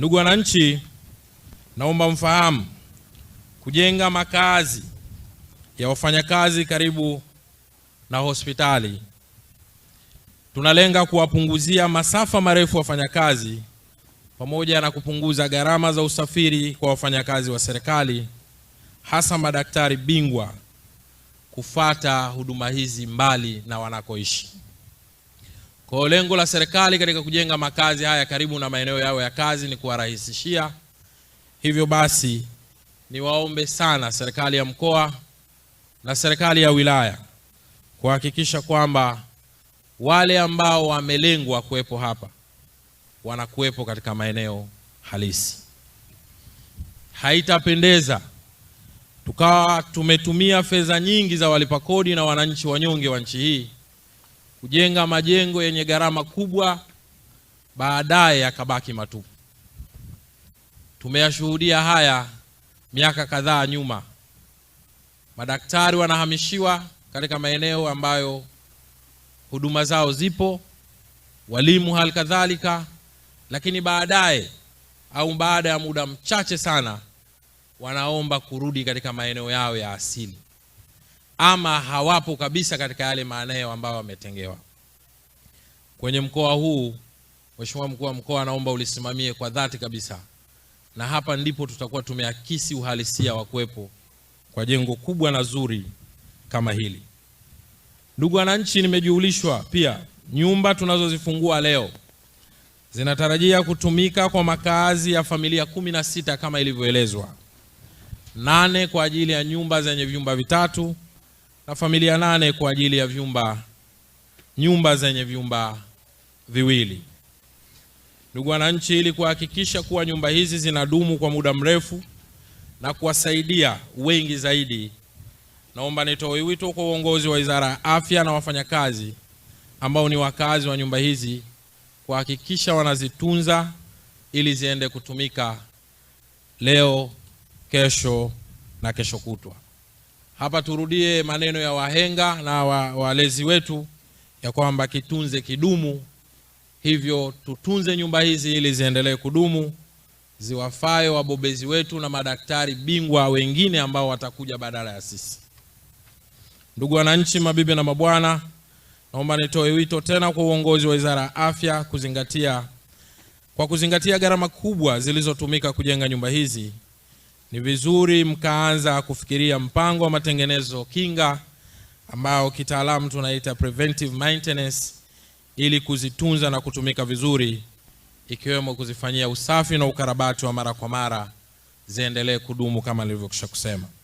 Ndugu wananchi, naomba mfahamu kujenga makazi ya wafanyakazi karibu na hospitali, tunalenga kuwapunguzia masafa marefu wafanyakazi pamoja na kupunguza gharama za usafiri kwa wafanyakazi wa serikali, hasa madaktari bingwa kufata huduma hizi mbali na wanakoishi. Kwa lengo la serikali katika kujenga makazi haya karibu na maeneo yao ya kazi ni kuwarahisishia. Hivyo basi, niwaombe sana serikali ya mkoa na serikali ya wilaya kuhakikisha kwamba wale ambao wamelengwa kuwepo hapa wanakuwepo katika maeneo halisi. Haitapendeza tukawa tumetumia fedha nyingi za walipa kodi na wananchi wanyonge wa nchi hii kujenga majengo yenye gharama kubwa, baadaye yakabaki matupu. Tumeyashuhudia haya miaka kadhaa nyuma, madaktari wanahamishiwa katika maeneo ambayo huduma zao zipo, walimu hali kadhalika, lakini baadaye au baada ya muda mchache sana wanaomba kurudi katika maeneo yao ya asili ama hawapo kabisa katika yale maeneo ambayo wametengewa. Kwenye mkoa huu, Mheshimiwa mkuu wa mkoa, naomba ulisimamie kwa dhati kabisa, na hapa ndipo tutakuwa tumeakisi uhalisia wa kuwepo kwa jengo kubwa na zuri kama hili. Ndugu wananchi, nimejulishwa pia nyumba tunazozifungua leo zinatarajia kutumika kwa makazi ya familia kumi na sita kama ilivyoelezwa, nane kwa ajili ya nyumba zenye vyumba vitatu na familia nane kwa ajili ya vyumba nyumba zenye vyumba viwili. Ndugu wananchi, ili kuhakikisha kuwa nyumba hizi zinadumu kwa muda mrefu na kuwasaidia wengi zaidi, naomba nitoe wito kwa uongozi wa Wizara ya Afya na wafanyakazi ambao ni wakazi wa nyumba hizi kuhakikisha wanazitunza ili ziende kutumika leo, kesho na kesho kutwa. Hapa turudie maneno ya wahenga na wa, walezi wetu ya kwamba kitunze kidumu. Hivyo tutunze nyumba hizi ili ziendelee kudumu, ziwafae wabobezi wetu na madaktari bingwa wengine ambao watakuja badala ya sisi. Ndugu wananchi, mabibi na mabwana, naomba nitoe wito tena kwa uongozi wa Wizara ya Afya kuzingatia kwa kuzingatia gharama kubwa zilizotumika kujenga nyumba hizi ni vizuri mkaanza kufikiria mpango wa matengenezo kinga ambao kitaalamu tunaita preventive maintenance, ili kuzitunza na kutumika vizuri, ikiwemo kuzifanyia usafi na ukarabati wa mara kwa mara, ziendelee kudumu kama nilivyokwisha kusema.